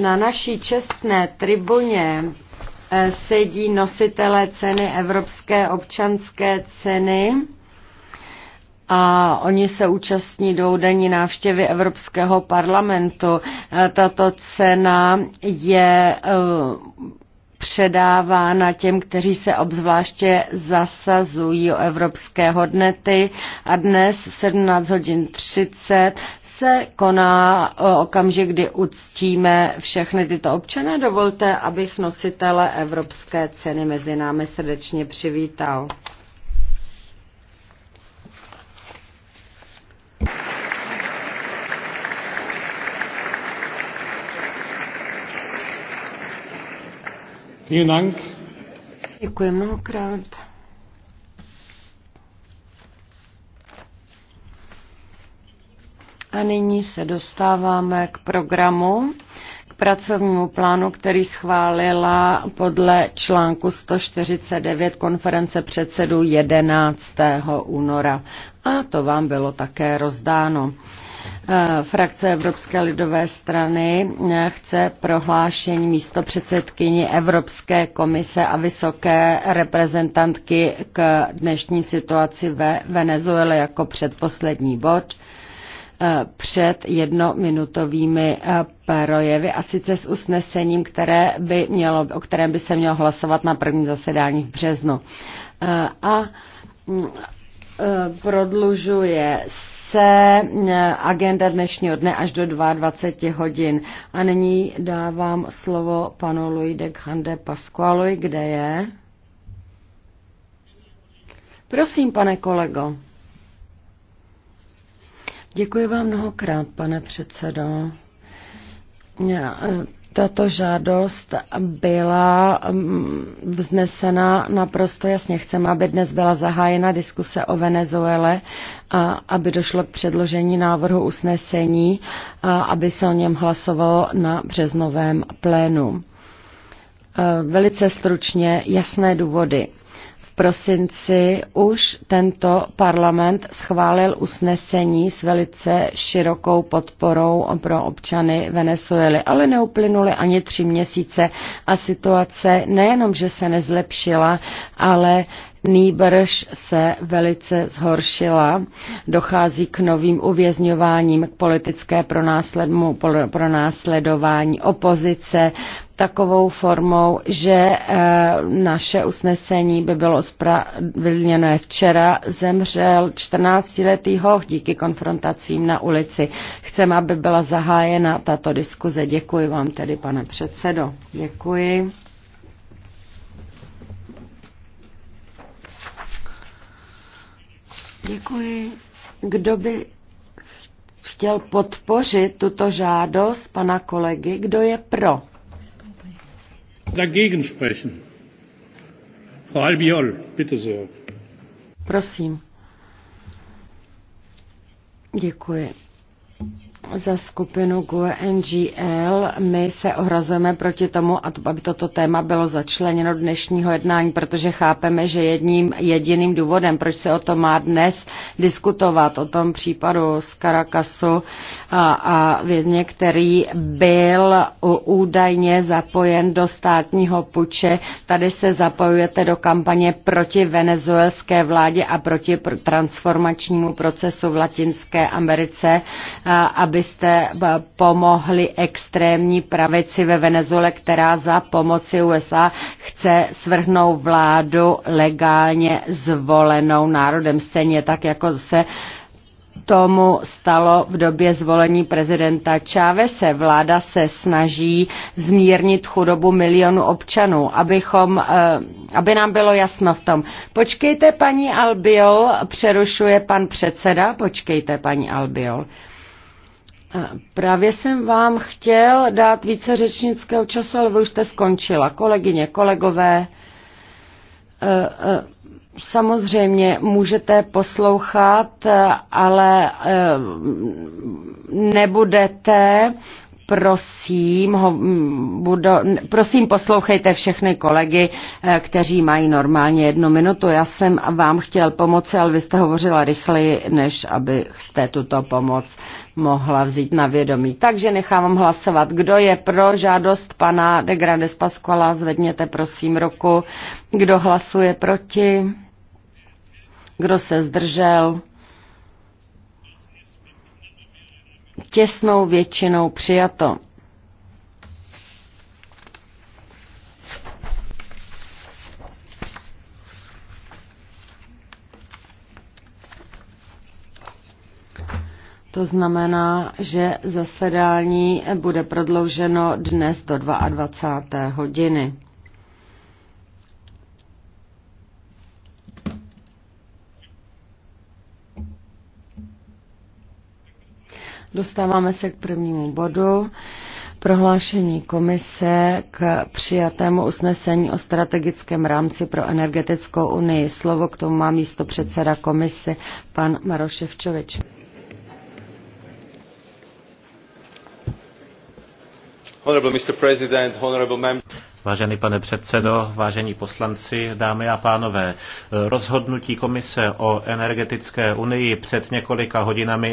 Na naší čestné tribuně eh, sedí nositelé ceny Evropské občanské ceny a oni se účastní doudenní návštěvy Evropského parlamentu. Eh, tato cena je eh, předávána těm, kteří se obzvláště zasazují o evropské hodnoty a dnes v 17 hodin 30 se koná eh, okamžik, kdy uctíme všechny tyto občany. Dovolte, abych nositele Evropské ceny mezi námi srdečně přivítal. Děkuji mnohokrát. nyní se dostáváme k programu, k pracovnímu plánu, který schválila podle článku 149 konference předsedů 11. února. A to vám bylo také rozdáno eh, frakce Evropské lidové strany eh, chce prohlášení místo předsedkyni Evropské komise a vysoké reprezentantky k dnešní situaci ve Venezuele jako předposlední bod. Eh, před jednominutovými eh, projevy a sice s usnesením, které by mělo, o kterém by se mělo hlasovat na prvním zasedání v březnu. Eh, a mm, prodlužuje se agenda dnešního dne až do 22 hodin. A nyní dávám slovo panu Louis de Grande Pasqualovi, kde je. Prosím, pane kolego. Děkuji vám mnohokrát, pane předsedo. Já, eh, tato žádost byla mm, vznesena naprosto jasně. Chceme, aby dnes byla zahájena diskuse o Venezuele a aby došlo k předložení návrhu usnesení a aby se o něm hlasovalo na březnovém plénu. Eh, velice stručně jasné důvody prosinci už tento parlament schválil usnesení s velice širokou podporou pro občany Venezuely, ale neuplynuly ani tři měsíce a situace nejenom, že se nezlepšila, ale nýbrž se velice zhoršila. Dochází k novým uvězňováním, k politické pronásledování opozice takovou formou, že eh, naše usnesení by bylo spravedlněné včera. Zemřel 14-letý hoch díky konfrontacím na ulici. Chceme, aby byla zahájena tato diskuze. Děkuji vám tedy, pane předsedo. Děkuji. Děkuji. Kdo by chtěl podpořit tuto žádost pana kolegy? Kdo je pro? Dagegen sprechen. Frau Albiol, bitte sehr. Prosím. Děkuji. Za skupinu GUE NGL my se ohrazujeme proti tomu, aby toto téma bylo začleněno dnešního jednání, protože chápeme, že jedním jediným důvodem, proč se o tom má dnes diskutovat, o tom případu z Karakasu a, a vězně, který byl údajně zapojen do státního puče. Tady se zapojujete do kampaně proti venezuelské vládě a proti transformačnímu procesu v Latinské Americe, a, aby abyste eh, pomohli extrémní pravici ve Venezuele, která za pomoci USA chce svrhnout vládu legálně zvolenou národem, stejně tak, jako se tomu stalo v době zvolení prezidenta Čávese. Vláda se snaží zmírnit chudobu milionu občanů, abychom, eh, aby nám bylo jasno v tom. Počkejte, paní Albiol, přerušuje pan předseda, počkejte, paní Albiol. Právě jsem vám chtěl dát více řečnického času, ale vy už jste skončila. Kolegyně, kolegové, e, e, samozřejmě můžete poslouchat, e, ale nebudete prosím, ho, budu, prosím poslouchejte všechny kolegy, eh, kteří mají normálně jednu minutu. Já jsem vám chtěl pomoci, ale vy jste hovořila rychleji, než abyste tuto pomoc mohla vzít na vědomí. Takže nechávám hlasovat. Kdo je pro žádost pana de Grandes Pasquala, zvedněte prosím ruku. Kdo hlasuje proti? Kdo se zdržel? těsnou většinou přijato. To znamená, že zasedání bude prodlouženo dnes do 22. hodiny. Dostáváme se k prvnímu bodu. Prohlášení komise k přijatému usnesení o strategickém rámci pro energetickou unii. Slovo k tomu má místo předseda komise, pan Maroševčovič. Honorable Vážený pane předsedo, vážení poslanci, dámy a pánové, rozhodnutí komise o energetické unii před několika hodinami